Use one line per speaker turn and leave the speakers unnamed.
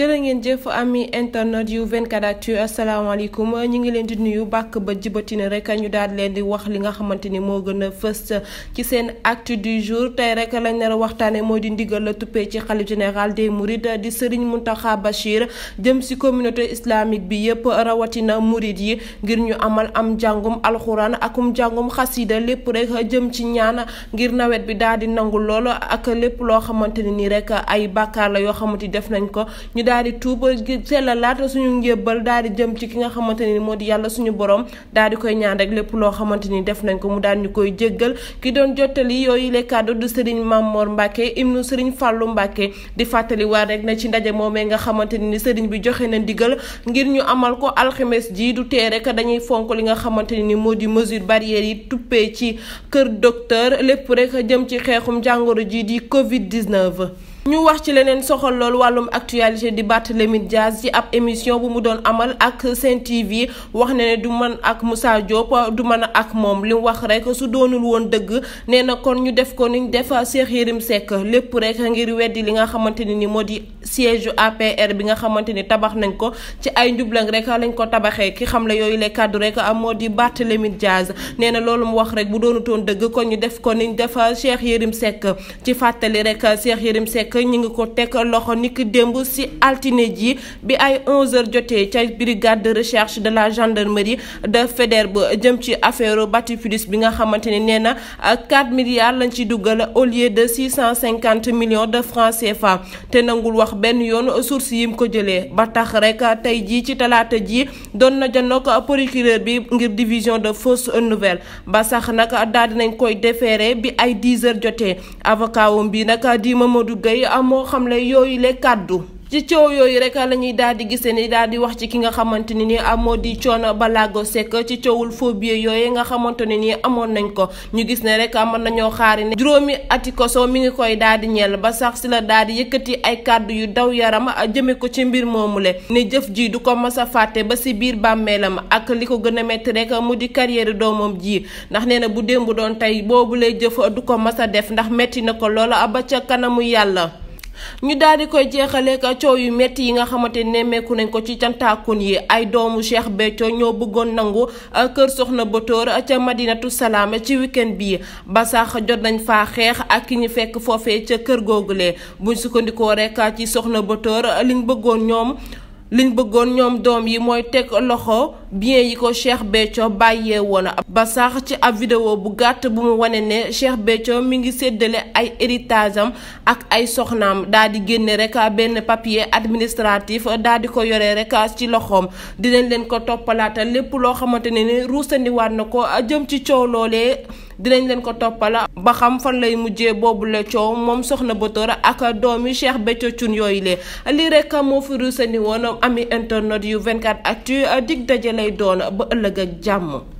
jërë ngeen jëf ami internet yu 24actu asalaamaaleykum ñu ngi leen di nuyu bàkk ba jibatina rek ñu daal leen di wax li nga xamante ni moo gën a fës ci seen actu du jour tey rek lañ nar a waxtaane moo di ndigal la tuppee ci xalif général des mourides di Serigne Mountakha Bachir jëm si communauté islamique bi yépp rawatina murid yi ngir ñu amal am njàngum alxuraan akum njàngum xasida lépp rek jëm ci ñaan ngir nawet bi daal di nangu lool ak lépp loo xamante ne nii rek ay bàkkaar yoo xamante def nañ ko daal di tuub sellalaat suñu njébbal daal di jëm ci ki nga xamante ni moo di yàlla suñu borom daal di koy ñaan rek lépp loo xamante ni def nañ ko mu daal ñu koy jéggal ki doon jottali yooyu les kàddu du Serigne Mamor Mbacke imnu Serigne fàllu Mbacke di fàttali waa rek na ci ndaje moomee nga xamante ni Serigne bi joxe na ndigal ngir ñu amal ko alxemes ji du tee rek dañuy fonk li nga xamante ni moo di mesure barrière yi tuppee ci kër docteur lépp rek jëm ci xeexum jàngoro ji di Covid 19. ñu wax ci leneen soxal loolu wàllum actualité di Barthélémy Dias ci ab émission bu mu doon amal ak Sen TV wax na ne du man ak Moussa Diop du man ak moom li mu wax rek su doonul woon dëgg nee na kon ñu def ko ni ñu def Cheikh Yérim Seck lépp rek ngir weddi li nga xamante ne ni moo di siège APR bi nga xamante ni tabax nañ ko ci ay njublang rek lañ ko tabaxee ki xam la yooyu les kàddu rek moo di Barthélémy Dias nee na loolu mu wax rek bu doonutoon dëgg kon ñu def ko ni ñu def Cheikh Yérim ci fàttali rek Cheikh Yérim Seck rek ñu ngi ko teg loxo niki démb ci altine ji bi ay 11h jotee ca brigade de recherche de la gendarmerie de Faidherbe jëm ci affaire Batifulis bi nga xamante ne nee na 4 milliards lañ ci dugal au lieu de 650 millions de francs CFA te nangul wax benn yoon source yi mu ko jëlee ba tax rek tey jii ci talaata ji doon na janook procureur bi ngir division de fausse nouvelle ba sax nag daal dinañ koy déféré bi ay 10 jotee avocat bi nag di Mamadou Gueye am moo xam ne yooyu le kàddu ci coow yooyu rek la ñuy daal di gisee ni daal di wax ci ki nga xamante ne ni moo di Thione Ballago Seck ci coowul faux billets yooyu nga xamante ne nii amoon nañ ko ñu gis ne rek mën nañoo xaari ne juróomi ati koso mi ngi koy daal di ñeel ba sax si la daal di yëkkati ay kàddu yu daw yaram ah, jëme ko ci mbir moomule ne jëf ji du ko mas a fàtte ba si biir bàmmeelam ak li ko gën a métti rek mu di carrière doomam ji ndax nee na bu démb doon tey boobu lay jëf du ko mas a def ndax métti na ko loola ah, ba ca kanamu yàlla ñu daal di koy jeexaleeg coow yu metti yi nga xamante nemmeeku nañ ko ci cantaakun yi ay doomu Cheikh Béthio ñoo bëggoon nangu euh, kër soxna Bator euh, ca Madinatu Salaam ci week bi bii ba sax jot nañu fa xeex ak ki ñu fekk foofee ca kër googule buñ sukkandikoo rek ci soxna Bator euh, liñ bëggoon ñoom liñ bëggoon ñoom doom yi mooy teg loxo bien yi ko Cheikh Béthio bàyyee woon ba sax ci ab vidéo bu gàtt bu mu wane ne Cheikh Béthio mi ngi séddale ay héritage ak ay soxnaam daal di génne rek benn papier administratif daal di ko yore rek ci loxoom dinañ leen ko toppalaatal lépp loo xamante ne ni ruusandiwaat na ko jëm ci coow loolee dinañ leen ko toppalaa ba xam fan lay mujjee boobu la coow moom soxna Bator ak doomi Cheikh Béthio Thioune yooyu lee lii rek moo fi ruusani woon ami internet yu 24 actu dig daje lay doon ba ëllëg ak jàmm